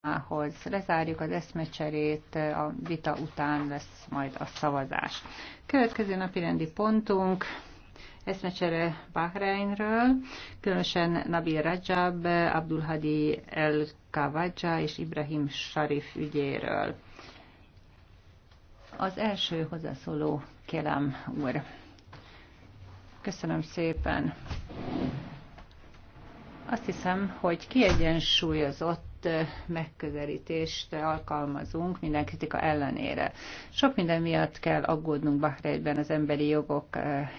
témához. Lezárjuk az eszmecserét, a vita után lesz majd a szavazás. Következő napi rendi pontunk eszmecsere Bahreinről, különösen Nabil Rajab, Abdulhadi El Kavadja és Ibrahim Sharif ügyéről. Az első hozzászóló Kelem úr. Köszönöm szépen. Azt hiszem, hogy kiegyensúlyozott megközelítést alkalmazunk minden kritika ellenére. Sok minden miatt kell aggódnunk Bahreinben az emberi jogok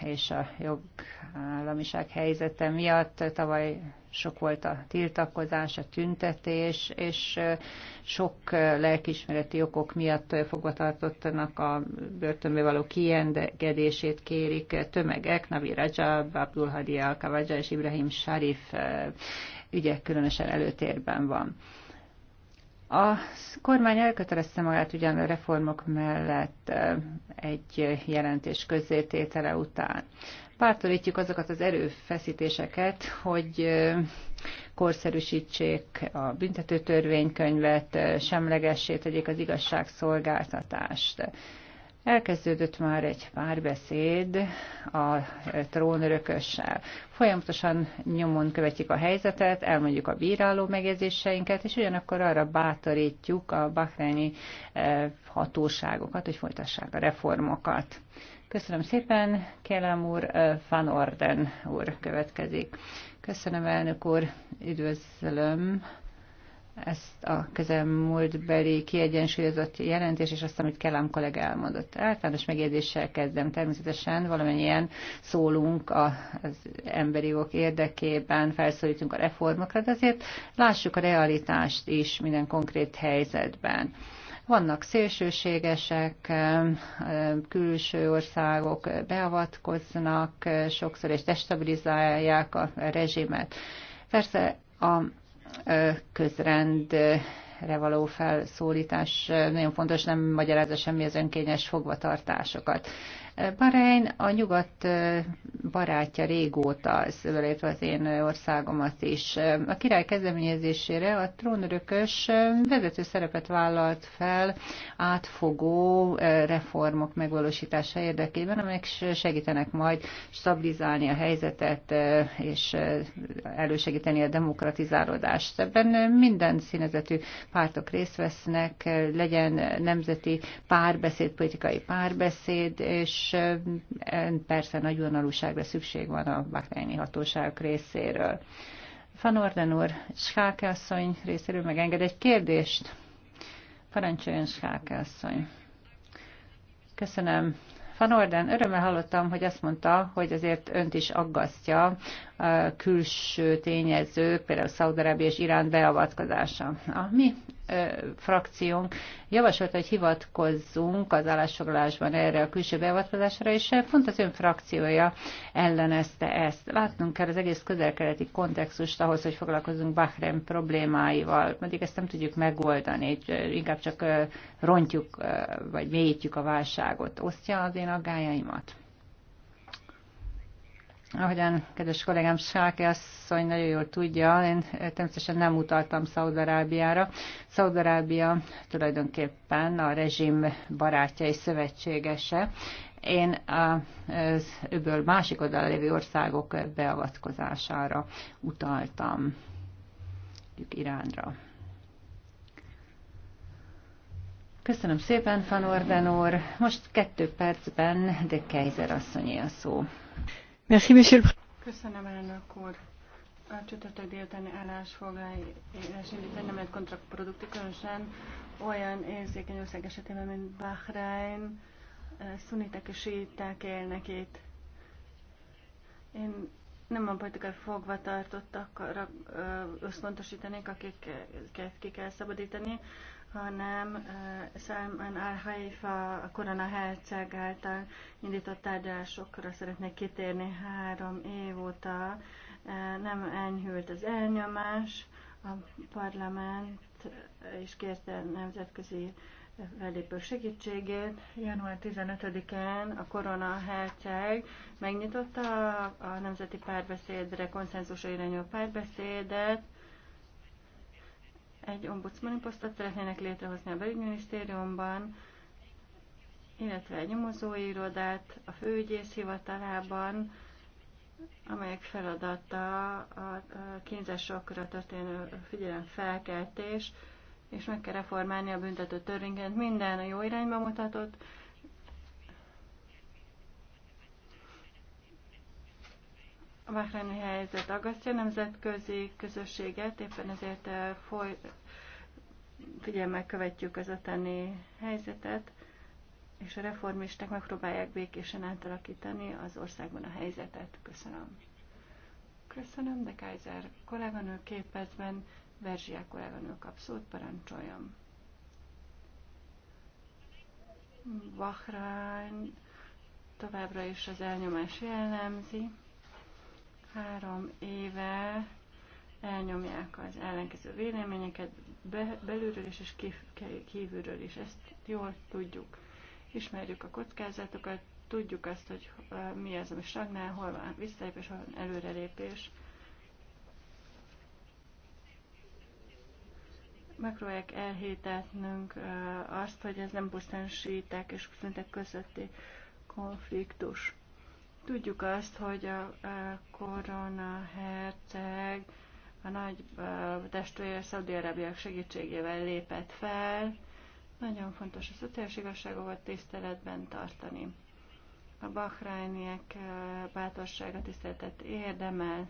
és a jogállamiság helyzete miatt. Tavaly sok volt a tiltakozás, a tüntetés, és sok lelkismereti okok miatt fogvatartottanak a börtönbe való kiengedését kérik tömegek, Navi Rajab, Abdul Hadi al és Ibrahim Sharif ügyek különösen előtérben van. A kormány elkötelezte magát ugyan a reformok mellett egy jelentés közzététele után. Bátorítjuk azokat az erőfeszítéseket, hogy korszerűsítsék a büntetőtörvénykönyvet, semlegessé tegyék az igazságszolgáltatást. Elkezdődött már egy párbeszéd a trónörökössel. Folyamatosan nyomon követjük a helyzetet, elmondjuk a bíráló megjegyzéseinket, és ugyanakkor arra bátorítjuk a bahreini eh, hatóságokat, hogy folytassák a reformokat. Köszönöm szépen, Kélem úr, eh, Van Orden úr következik. Köszönöm, elnök úr, üdvözlöm ezt a közelmúltbeli kiegyensúlyozott jelentés, és azt, amit Kellám kollega elmondott. Általános megjegyzéssel kezdem. Természetesen valamennyien szólunk az emberi jogok érdekében, felszólítunk a reformokra, de azért lássuk a realitást is minden konkrét helyzetben. Vannak szélsőségesek, külső országok beavatkoznak sokszor, és destabilizálják a rezsimet. Persze a közrendre való felszólítás nagyon fontos, nem magyarázza semmi az önkényes fogvatartásokat. Bahrein a nyugat barátja régóta, az, az én országomat is. A király kezdeményezésére a trónörökös vezető szerepet vállalt fel átfogó reformok megvalósítása érdekében, amelyek segítenek majd stabilizálni a helyzetet és elősegíteni a demokratizálódást. Ebben minden színezetű pártok részt vesznek, legyen nemzeti párbeszéd, politikai párbeszéd, és és persze nagy vonalúságra szükség van a bakrányi hatóságok részéről. Van Orden úr, Skáke asszony részéről megenged egy kérdést. Parancsoljon Skáke asszony. Köszönöm. Van Orden, örömmel hallottam, hogy azt mondta, hogy azért önt is aggasztja a külső tényezők, például Szaudarábia és Irán beavatkozása. A mi frakciónk javasolta, hogy hivatkozzunk az állásfoglalásban erre a külső beavatkozásra, és pont az ön frakciója ellenezte ezt. Látnunk kell az egész közelkeleti kontextust ahhoz, hogy foglalkozunk Bahrein problémáival. Pedig ezt nem tudjuk megoldani, inkább csak rontjuk vagy mélyítjük a válságot. Osztja az én aggájaimat? Ahogyan kedves kollégám Sáke asszony nagyon jól tudja, én természetesen nem utaltam Szaudarábiára. Szaudarábia tulajdonképpen a rezsim barátja és szövetségese. Én az öböl másik oldal lévő országok beavatkozására utaltam, mondjuk Iránra. Köszönöm szépen, fanordenor. Most kettő percben de Kejzer asszonyi a szó. Merci, monsieur le... Köszönöm, elnök úr. A csütörtök délutáni állás indítani nem egy kontraproduktív, különösen olyan érzékeny ország esetében, mint Bahrein, szuniták és síták élnek itt. Én nem a politikai fogvatartottakra összpontosítanék, akiket ki kell szabadítani, hanem Salman al-Haifa, a korona herceg által indított tárgyalásokra szeretnék kitérni három év óta. Nem enyhült az elnyomás, a parlament is kérte nemzetközi fellépő segítségét. Január 15-én a Korona Herceg megnyitotta a Nemzeti Párbeszédre, konszenzusra irányuló párbeszédet, egy ombudsmani posztot szeretnének létrehozni a belügyminisztériumban, illetve egy nyomozói irodát a főügyész hivatalában, amelyek feladata a kínzásokra történő figyelemfelkeltés, és meg kell reformálni a büntető törvényeket. Minden a jó irányba mutatott, A bahreini helyzet aggasztja a nemzetközi közösséget, éppen ezért eh, foly... figyelmel követjük az ottani helyzetet, és a reformisták megpróbálják békésen átalakítani az országban a helyzetet. Köszönöm. Köszönöm, de Kaiser kolléganő képezben percben, kolléganő kap szót, parancsoljam. Bahrein továbbra is az elnyomás jellemzi. Három éve elnyomják az ellenkező véleményeket be, belülről is és kívülről is. Ezt jól tudjuk. Ismerjük a kockázatokat, tudjuk azt, hogy mi az, ami stagnál, hol van visszalépés, hol van előrelépés. Megpróbálják elhétetnünk azt, hogy ez nem pusztán síták és szintek közötti konfliktus. Tudjuk azt, hogy a, a korona herceg a nagy testvér Szaudi-Arabiak segítségével lépett fel. Nagyon fontos a szociális igazságokat tiszteletben tartani. A bahrájniek bátorsága tiszteletet érdemel.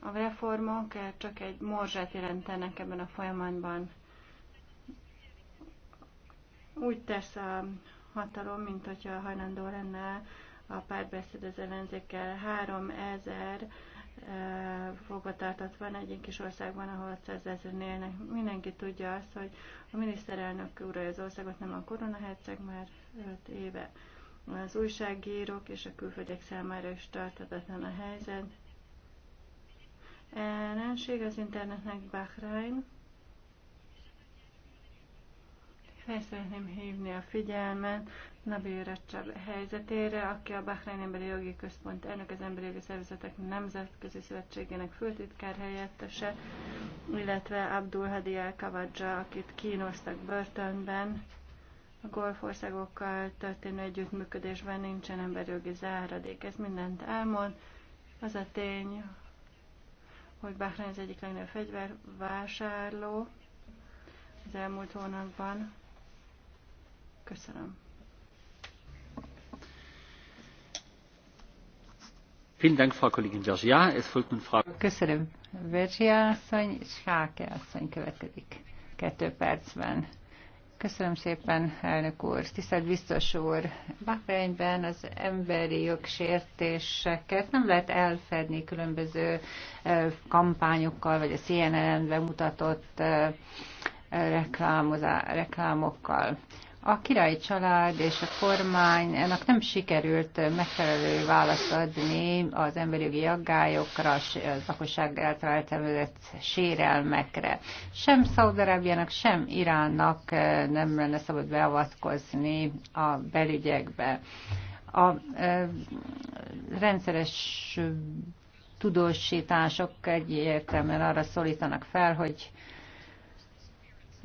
A reformok csak egy morzsát jelentenek ebben a folyamatban úgy tesz a hatalom, mint hogyha hajlandó lenne a párbeszéd az ellenzékkel. 3000 e, fogvatartott van egy kis országban, ahol 600 ezer élnek. Mindenki tudja azt, hogy a miniszterelnök uralja az országot, nem a koronaherceg már 5 éve. Az újságírók és a külföldiek számára is tartatatlan a helyzet. Ellenség az internetnek Bahrain, fel szeretném hívni a figyelmet Nabil Recsab helyzetére, aki a Bahrein Emberi Jogi Központ elnök, az Emberi Jogi Szervezetek Nemzetközi Szövetségének főtitkár helyettese, illetve Abdul Hadi El akit kínoztak börtönben. A golfországokkal történő együttműködésben nincsen emberi jogi záradék. Ez mindent elmond. Az a tény, hogy Bahrein az egyik legnagyobb fegyvervásárló az elmúlt hónapban Köszönöm. Köszönöm. Vergia asszony és Háke asszony következik kettő percben. Köszönöm szépen, elnök úr. Tisztelt biztos úr, Bahreinben az emberi jogsértéseket nem lehet elfedni különböző eh, kampányokkal, vagy a CNN-ben mutatott eh, reklámokkal. A királyi család és a kormány ennek nem sikerült megfelelő választ adni az emberi jogi aggályokra, a lakosság által sérelmekre. Sem Szaudarábiának, sem Iránnak eh, nem lenne szabad beavatkozni a belügyekbe. A eh, rendszeres tudósítások egyértelműen arra szólítanak fel, hogy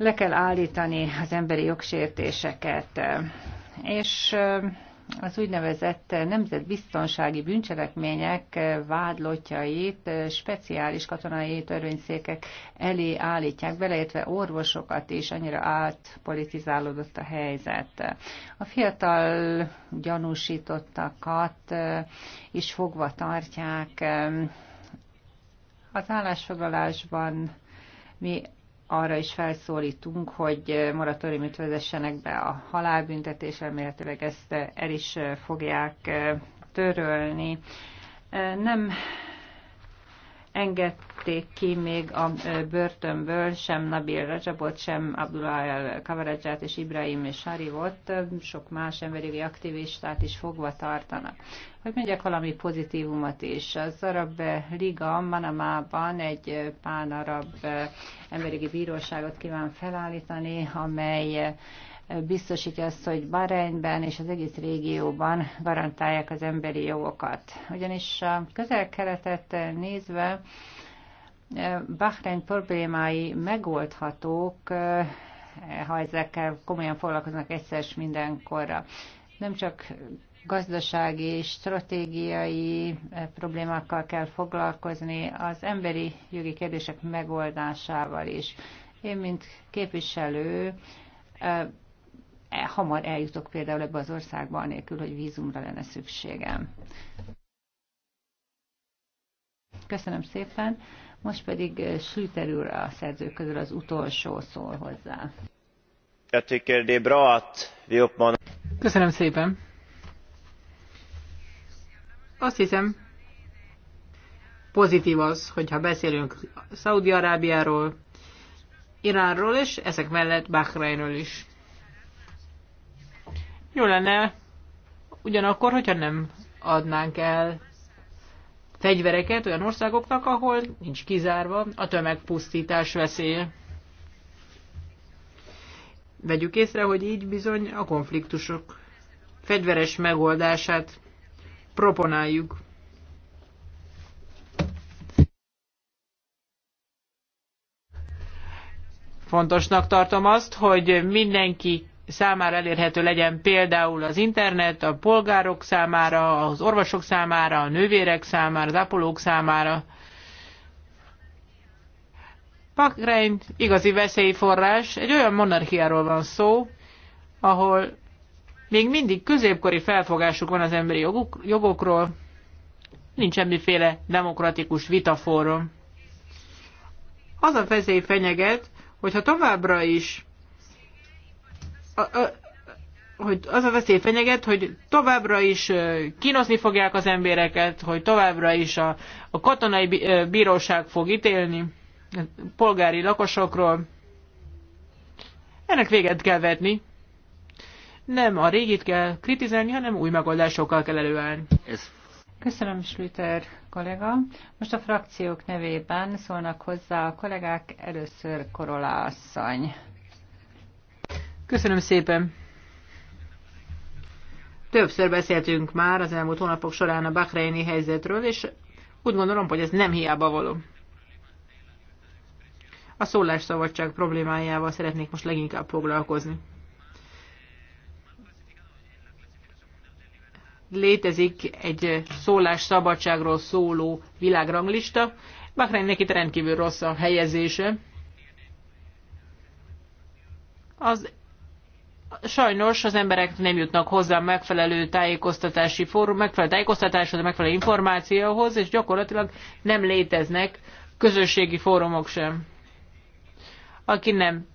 le kell állítani az emberi jogsértéseket, és az úgynevezett nemzetbiztonsági bűncselekmények vádlotjait speciális katonai törvényszékek elé állítják, beleértve orvosokat is, annyira átpolitizálódott a helyzet. A fiatal gyanúsítottakat is fogva tartják. Az állásfoglalásban mi arra is felszólítunk, hogy moratóriumot vezessenek be a halálbüntetés, elméletileg ezt el is fogják törölni. Nem engedték ki még a börtönből sem Nabil Rajabot, sem Abdullah el Kavaradzsát és Ibrahim és Sarivot, sok más emberi aktivistát is fogva tartanak. Hogy mondjak valami pozitívumot is, az Arab Liga Manamában egy pán-arab emberi bíróságot kíván felállítani, amely biztosítja azt, hogy Bahreinben és az egész régióban garantálják az emberi jogokat. Ugyanis a közel-keletet nézve Bahrein problémái megoldhatók, eh, ha ezekkel komolyan foglalkoznak egyszer és mindenkorra. Nem csak gazdasági, stratégiai eh, problémákkal kell foglalkozni, az emberi jogi kérdések megoldásával is. Én, mint képviselő, eh, E, hamar eljutok például ebbe az országba, anélkül, hogy vízumra lenne szükségem. Köszönöm szépen. Most pedig e, Slüter úr a szerzők közül az utolsó szól hozzá. Köszönöm szépen. Azt hiszem, pozitív az, hogyha beszélünk Szaudi-Arábiáról, Iránról és ezek mellett Bahreinről is. Jó lenne ugyanakkor, hogyha nem adnánk el fegyvereket olyan országoknak, ahol nincs kizárva a tömegpusztítás veszélye. Vegyük észre, hogy így bizony a konfliktusok fegyveres megoldását proponáljuk. Fontosnak tartom azt, hogy mindenki számára elérhető legyen például az internet a polgárok számára, az orvosok számára, a nővérek számára, az ápolók számára. Pakrein igazi veszélyforrás, egy olyan monarchiáról van szó, ahol még mindig középkori felfogásuk van az emberi joguk, jogokról, nincs semmiféle demokratikus vitafórum. Az a veszély fenyeget, hogyha továbbra is a, a, hogy az a veszély fenyeget, hogy továbbra is kínoszni fogják az embereket, hogy továbbra is a, a katonai bíróság fog ítélni polgári lakosokról. Ennek véget kell vetni. Nem a régit kell kritizálni, hanem új megoldásokkal kell előállni. Ez Köszönöm, Slüter kollega. Most a frakciók nevében szólnak hozzá a kollégák, először Korola asszony. Köszönöm szépen. Többször beszéltünk már az elmúlt hónapok során a Bahreini helyzetről, és úgy gondolom, hogy ez nem hiába való. A szólásszabadság problémájával szeretnék most leginkább foglalkozni. Létezik egy szólásszabadságról szóló világranglista. Bahreinnek neki rendkívül rossz a helyezése. Az sajnos az emberek nem jutnak hozzá megfelelő tájékoztatási fórum, megfelelő tájékoztatáshoz, megfelelő információhoz, és gyakorlatilag nem léteznek közösségi fórumok sem. Aki nem,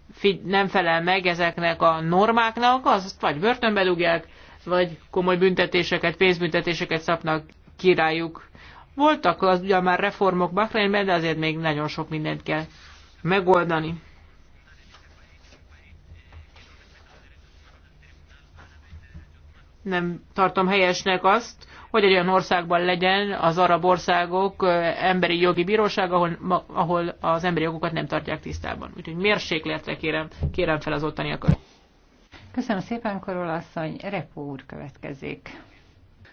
nem felel meg ezeknek a normáknak, azt vagy börtönbe dugják, vagy komoly büntetéseket, pénzbüntetéseket szapnak királyuk. Voltak az ugyan már reformok Bahreinben, de azért még nagyon sok mindent kell megoldani. nem tartom helyesnek azt, hogy egy olyan országban legyen az arab országok emberi jogi bíróság, ahol, ahol az emberi jogokat nem tartják tisztában. Úgyhogy mérsékletre kérem, kérem fel az ottaniakat. Köszönöm szépen, Korol asszony. Repó úr következik.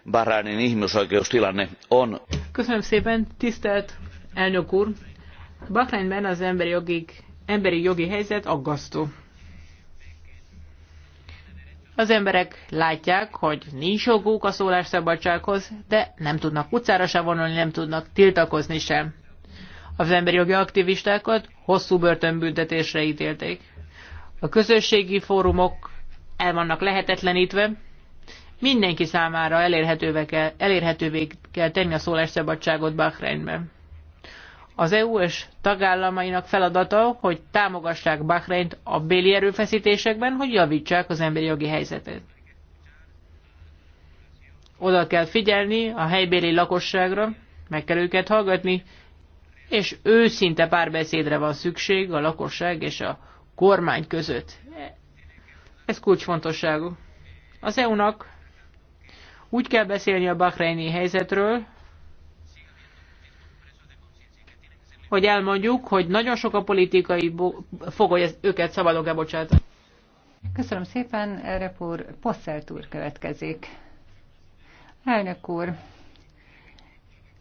Bahrainin ihmisoikeustilanne on. Köszönöm szépen, tisztelt elnök úr. Bahreinben az emberi, jogi, emberi jogi helyzet aggasztó. Az emberek látják, hogy nincs joguk a szólásszabadsághoz, de nem tudnak utcára sem vonulni, nem tudnak tiltakozni sem. Az emberi jogi aktivistákat hosszú börtönbüntetésre ítélték. A közösségi fórumok el vannak lehetetlenítve, mindenki számára elérhetővé kell, elérhetővé kell tenni a szólásszabadságot Bahreinben. Az EU és tagállamainak feladata, hogy támogassák Bahreint a béli erőfeszítésekben, hogy javítsák az emberi jogi helyzetet. Oda kell figyelni a helybéli lakosságra, meg kell őket hallgatni, és őszinte párbeszédre van szükség a lakosság és a kormány között. Ez kulcsfontosságú. Az EU-nak úgy kell beszélni a bahreini helyzetről, hogy elmondjuk, hogy nagyon sok a politikai fogoly, őket szabadon bocsátani. Köszönöm szépen, Repúr Posselt úr következik. Elnök úr,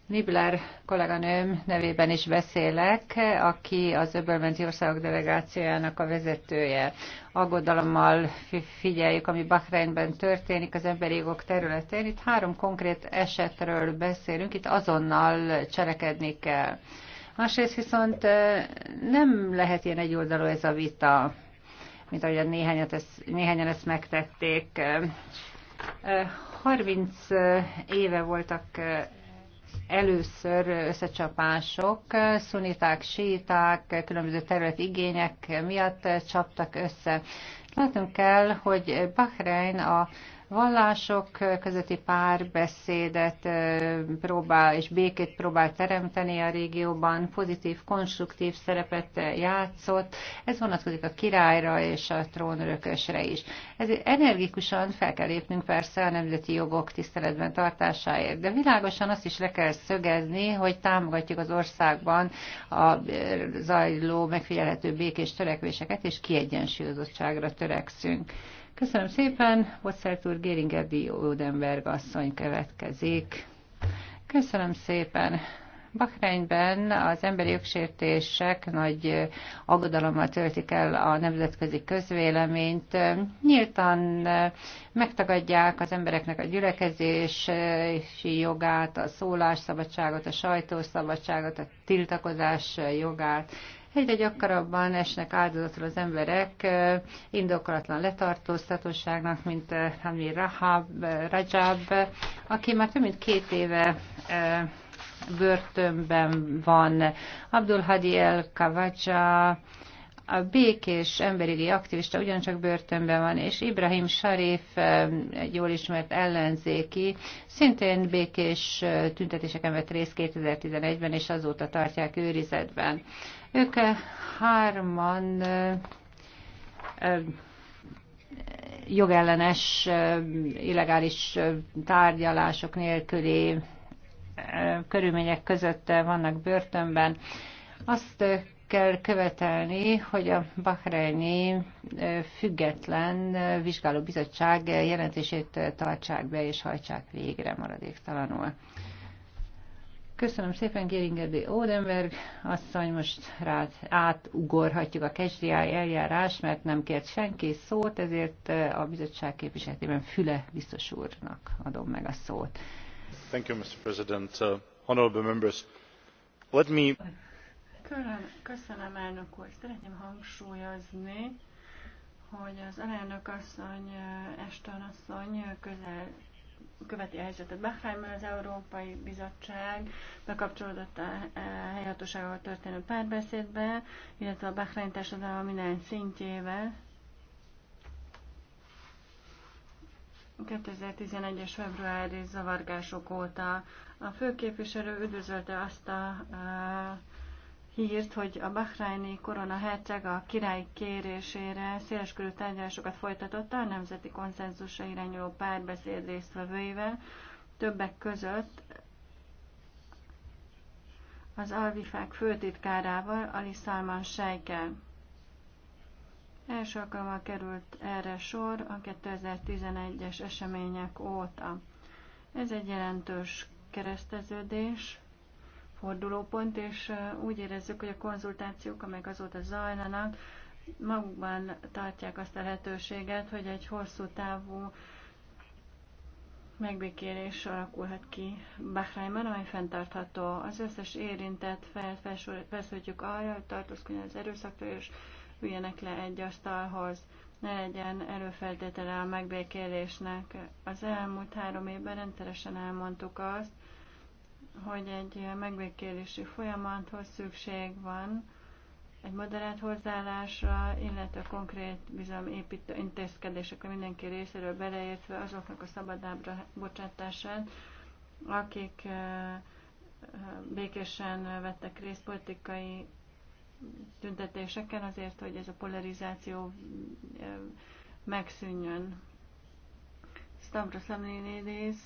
Nibler kolléganőm nevében is beszélek, aki az öbölmenti országok delegációjának a vezetője. Aggodalommal figyeljük, ami Bahreinben történik az emberi jogok területén. Itt három konkrét esetről beszélünk, itt azonnal cselekedni kell. Másrészt viszont nem lehet ilyen egyoldalú ez a vita, mint ahogy néhányat ezt, néhányan ezt megtették. 30 éve voltak először összecsapások, szuniták, síták, különböző terület igények miatt csaptak össze. Látnunk kell, hogy Bahrein a vallások közötti párbeszédet próbál és békét próbál teremteni a régióban, pozitív, konstruktív szerepet játszott. Ez vonatkozik a királyra és a trónörökösre is. Ez energikusan fel kell lépnünk persze a nemzeti jogok tiszteletben tartásáért, de világosan azt is le kell szögezni, hogy támogatjuk az országban a zajló, megfigyelhető békés törekvéseket, és kiegyensúlyozottságra törekszünk. Köszönöm szépen, Hosszert úr Géringer Diódenberg asszony következik. Köszönöm szépen. Bahreinben az emberi jogsértések nagy aggodalommal töltik el a nemzetközi közvéleményt. Nyíltan megtagadják az embereknek a gyülekezési jogát, a szólásszabadságot, a sajtószabadságot, a tiltakozás jogát. Egyre gyakrabban esnek áldozatul az emberek indokolatlan letartóztatóságnak, mint Hamid Rahab, Rajab, aki már több mint két éve börtönben van. Abdul Hadi El Kavaja, a békés emberi aktivista ugyancsak börtönben van, és Ibrahim Sharif, eh, egy jól ismert ellenzéki, szintén békés eh, tüntetéseken vett részt 2011-ben, és azóta tartják őrizetben. Ők eh, hárman jogellenes, illegális tárgyalások nélküli körülmények között vannak börtönben. Azt kell követelni, hogy a Bahreini független vizsgálóbizottság jelentését tartsák be és hajtsák végre maradéktalanul. Köszönöm szépen, Géringer de Odenberg asszony, most rád átugorhatjuk a KSDI eljárás, mert nem kért senki szót, ezért a bizottság képviseletében Füle biztos úrnak adom meg a szót. Thank you, Mr. President. Uh, honorable members, let me Köszönöm, köszönöm elnök úr. Szeretném hangsúlyozni, hogy az elnök asszony, Eston asszony közel követi a helyzetet Bahreinben az Európai Bizottság bekapcsolódott a e, helyhatósággal történő párbeszédbe, illetve a Bahrein társadalom minden szintjével. 2011-es februári zavargások óta a főképviselő üdvözölte azt a, a e, hírt, hogy a Bahreini korona herceg a király kérésére széleskörű tárgyalásokat folytatotta a nemzeti konszenzusra irányuló párbeszéd résztvevőivel, többek között az Alvifák főtitkárával, Ali Salman Sejkel. Első alkalommal került erre sor a 2011-es események óta. Ez egy jelentős kereszteződés, fordulópont, és úgy érezzük, hogy a konzultációk, amelyek azóta zajlanak, magukban tartják azt a lehetőséget, hogy egy hosszú távú megbékélés alakulhat ki Bahreinben, amely fenntartható. Az összes érintett felt arra, hogy tartózkodjon az erőszaktól, és üljenek le egy asztalhoz. Ne legyen előfeltétele a megbékélésnek. Az elmúlt három évben rendszeresen elmondtuk azt, hogy egy eh, megbékélési folyamathoz szükség van, egy moderát hozzáállásra, illetve konkrét építő intézkedésekre mindenki részéről beleértve azoknak a szabadábra bocsátását, akik eh, eh, békésen vettek részt politikai tüntetéseken azért, hogy ez a polarizáció megszűnjön. Stavros Lamlinidis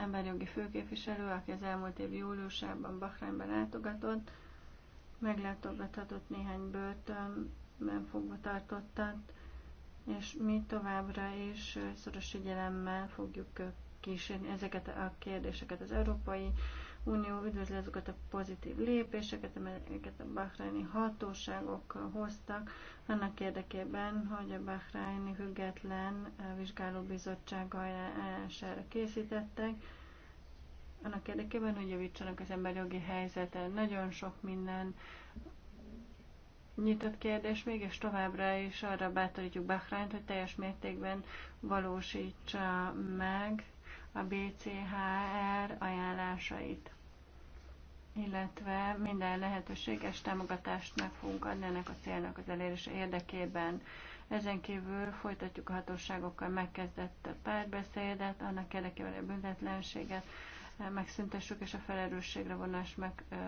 emberjogi főképviselő, aki az elmúlt év júliusában Bahreinben látogatott, meglátogathatott néhány börtönben fogva tartottat, és mi továbbra is szoros figyelemmel fogjuk kísérni ezeket a kérdéseket az európai Unió üdvözli azokat a pozitív lépéseket, amelyeket a bahreini hatóságok hoztak, annak érdekében, hogy a bahreini független vizsgálóbizottsága ajánlására készítettek, annak érdekében, hogy javítsanak az jogi helyzeten. Nagyon sok minden nyitott kérdés még, és továbbra is arra bátorítjuk Bahrányt, hogy teljes mértékben valósítsa meg a BCHR kihívásait, illetve minden lehetőséges támogatást meg fogunk adni ennek a célnak az elérése érdekében. Ezen kívül folytatjuk a hatóságokkal megkezdett párbeszédet, annak érdekében a büntetlenséget eh, megszüntessük, és a felelősségre vonás meg eh,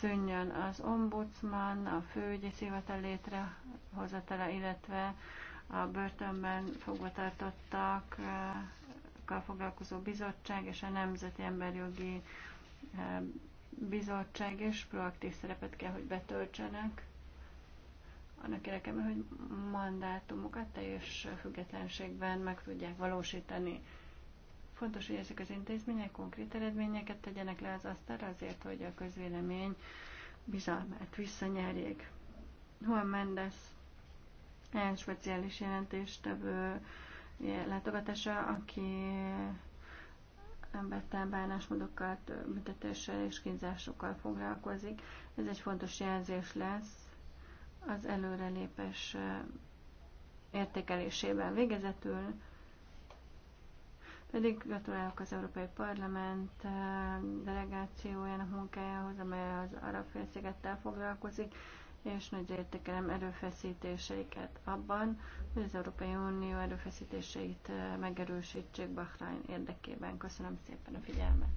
szűnjön az ombudsman, a főügyész hivatal létrehozatala, illetve a börtönben tartottak eh, jogokkal foglalkozó bizottság és a Nemzeti Emberjogi eh, Bizottság is proaktív szerepet kell, hogy betöltsenek annak érdekében, hogy mandátumokat teljes függetlenségben meg tudják valósítani. Fontos, hogy ezek az intézmények konkrét eredményeket tegyenek le az asztalra azért, hogy a közvélemény bizalmát visszanyerjék. Juan Mendes, ilyen speciális jelentéstevő látogatása, aki embertelen bánásmódokat, büntetéssel és kínzásokkal foglalkozik. Ez egy fontos jelzés lesz az előrelépés értékelésében végezetül. Pedig gratulálok az Európai Parlament delegációjának munkájához, amely az Arab félszigettel foglalkozik és nagyra értékelem erőfeszítéseiket abban, hogy az Európai Unió erőfeszítéseit megerősítsék Bahrain érdekében. Köszönöm szépen a figyelmet.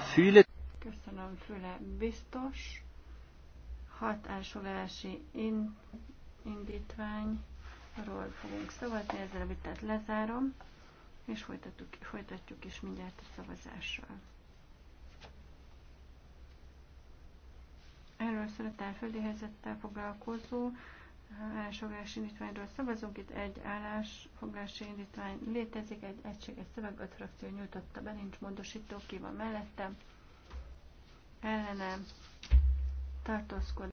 Füle. Köszönöm, Füle biztos. Hat elsolási in, indítvány. Arról fogunk szavazni, ezzel a vitát lezárom, és folytatjuk, folytatjuk is mindjárt a szavazással. Erről a tájföldi helyzettel foglalkozó állásfoglási eh, indítványról szavazunk. Itt egy állásfoglási indítvány létezik, egy egységes szöveg, öt frakció nyújtotta be, nincs módosító, ki van mellette, ellene tartózkodik.